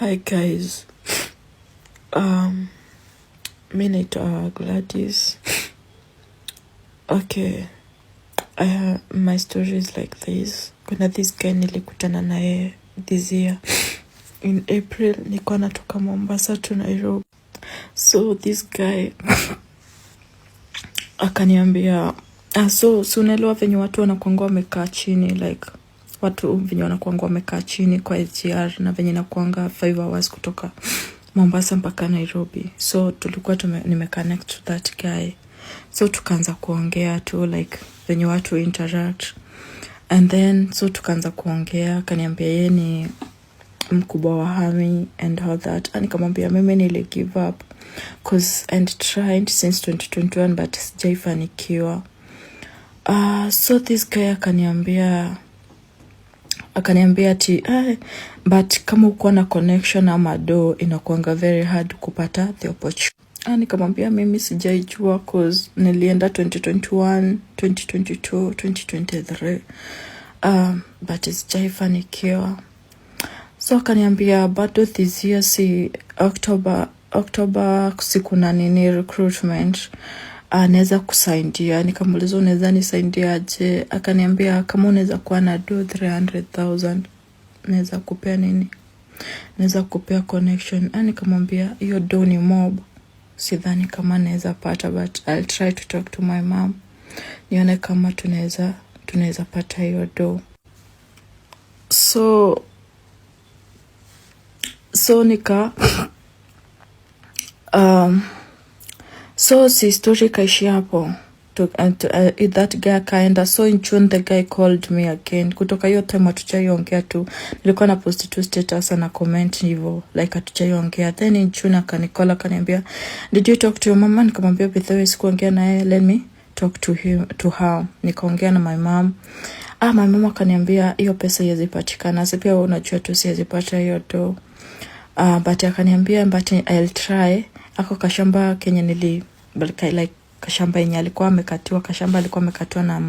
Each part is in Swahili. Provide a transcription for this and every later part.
Hi guys. Um, mi naitwa Gladys. Okay. I have, my story is like this. Kuna this guy nilikutana naye this year in April, nilikuwa natoka Mombasa to Nairobi. So this guy akaniambia, uh, so so unaelewa venye watu wanakuanga wamekaa chini like watu venye wanakuanga wamekaa chini kwa SGR na venye nakuanga 5 hours kutoka Mombasa mpaka Nairobi, so tulikuwa tume, nimeconnect to that guy, so tukaanza kuongea tu like venye watu interact and then so tukaanza kuongea, kaniambia ye ni mkubwa wa Hami and all that, nikamwambia mimi nili give up cause and tried since 2021 but sijaifanikiwa. Uh, ah, so this guy akaniambia akaniambia ati eh, but kama uko na connection ama do inakuanga very hard kupata the opportunity. Ah, nikamwambia mimi sijaijua cause nilienda 2021, 2022, 2023 um, but sijaifanikiwa. So akaniambia bado this year si October October kusikuna nini recruitment anaweza kusaidia. Nikamuuliza unaweza nisaidiaje? Akaniambia kama unaweza kuwa na do 300,000 naweza kupea nini, naweza kupea connection. Ah, kamwambia hiyo do ni mob, sidhani kama naweza pata, but I'll try to talk to my mom nione kama tunaweza tunaweza pata hiyo do. So so nika um, So his story kaishia hapo to, uh, to, uh, that guy kaenda so in June the guy called me again. Kutoka hiyo time hatujaiongea tu, nilikuwa na post tu status na comment hivyo like hatujaiongea. Then in June akanikola akaniambia, did you talk to your mama? Nikamwambia by the way sikuongea naye, let me talk to him to her. Nikaongea na my mom. Ah, my mom akaniambia hiyo pesa haiwezi patikana, sasa pia unajua tu siwezi pata hiyo tu. Ah, but akaniambia but I'll try ako kashamba kenye nili like kashamba yenye alikuwa amekatiwa, kashamba alikuwa amekatiwa na,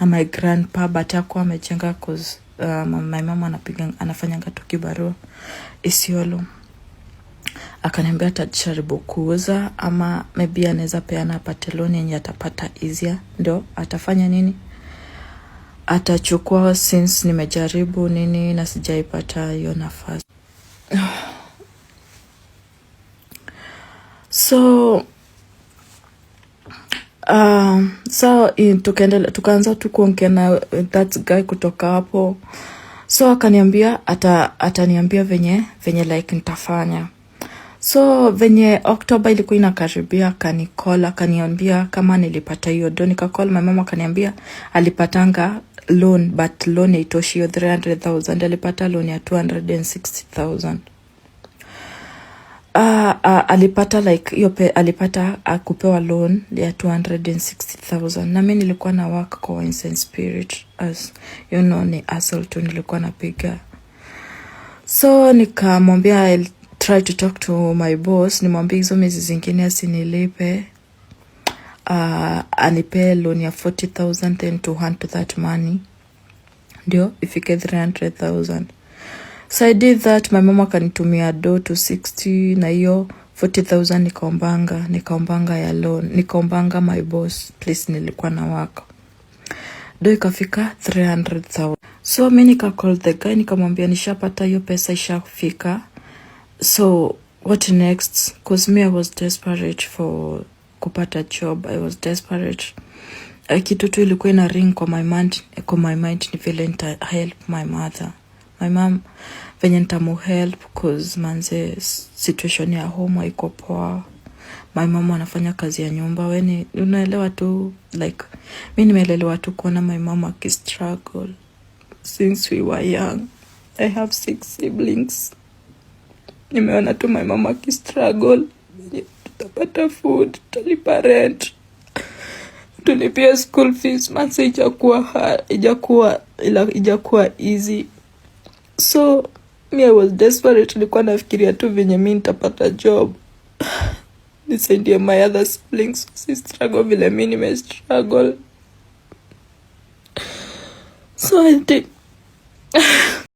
na my grandpa but hakuwa amejenga cause uh, my mama anapiga anafanyanga tu kibarua Isiolo. Akaniambia atajaribu kuuza ama maybe anaweza peana apate loan yenye atapata easier, ndio atafanya nini atachukua since nimejaribu nini na sijaipata hiyo nafasi so so tukaendelea tukaanza tu kuongea na eh, that guy kutoka hapo, so akaniambia ata ataniambia venye venye like nitafanya. So venye Oktoba ilikuwa inakaribia, akanicall akaniambia kama nilipata hiyo do. Nikacall my mama akaniambia alipatanga loan but loan aitoshi hiyo 300,000 alipata loan ya 260,000. Uh, uh, alipata like hiyo alipata uh, kupewa loan ya 260,000 na mi nilikuwa na work coins and spirit as you know, ni hustle tu nilikuwa napiga, so nikamwambia I'll try to talk to my boss, nimwambia hizo miezi zingine asinilipe, uh, anipee loan ya 40,000 then to hand to that money ndio ifike 300,000 So I did that, my mama akanitumia do 60 na hiyo 40,000 nikaombanga, nikaombanga ya loan, nikaombanga my boss place nilikuwa na wako do ikafika 300,000. So mimi nika call the guy nikamwambia nishapata hiyo pesa ishafika, so what next? Cause me I was desperate for kupata job, I was desperate. Kitu tu ilikuwa ina ring kwa my mind, kwa my mind ni vile nita help my mother my mom venye help cause manze situation ya home haiko poa my mom anafanya kazi ya nyumba weni unaelewa tu like mi nimeelelewa tu kuona my mom akistruggle since we were young i have six siblings nimeona tu my mom akistruggle tutapata food tutalipa rent tulipia school fees manze ijakuwa ijakuwa ijakuwa easy So mi I was desperate, nilikuwa nafikiria tu venye mi nitapata job nisaidie my other siblings si struggle vile mi nime struggle so I think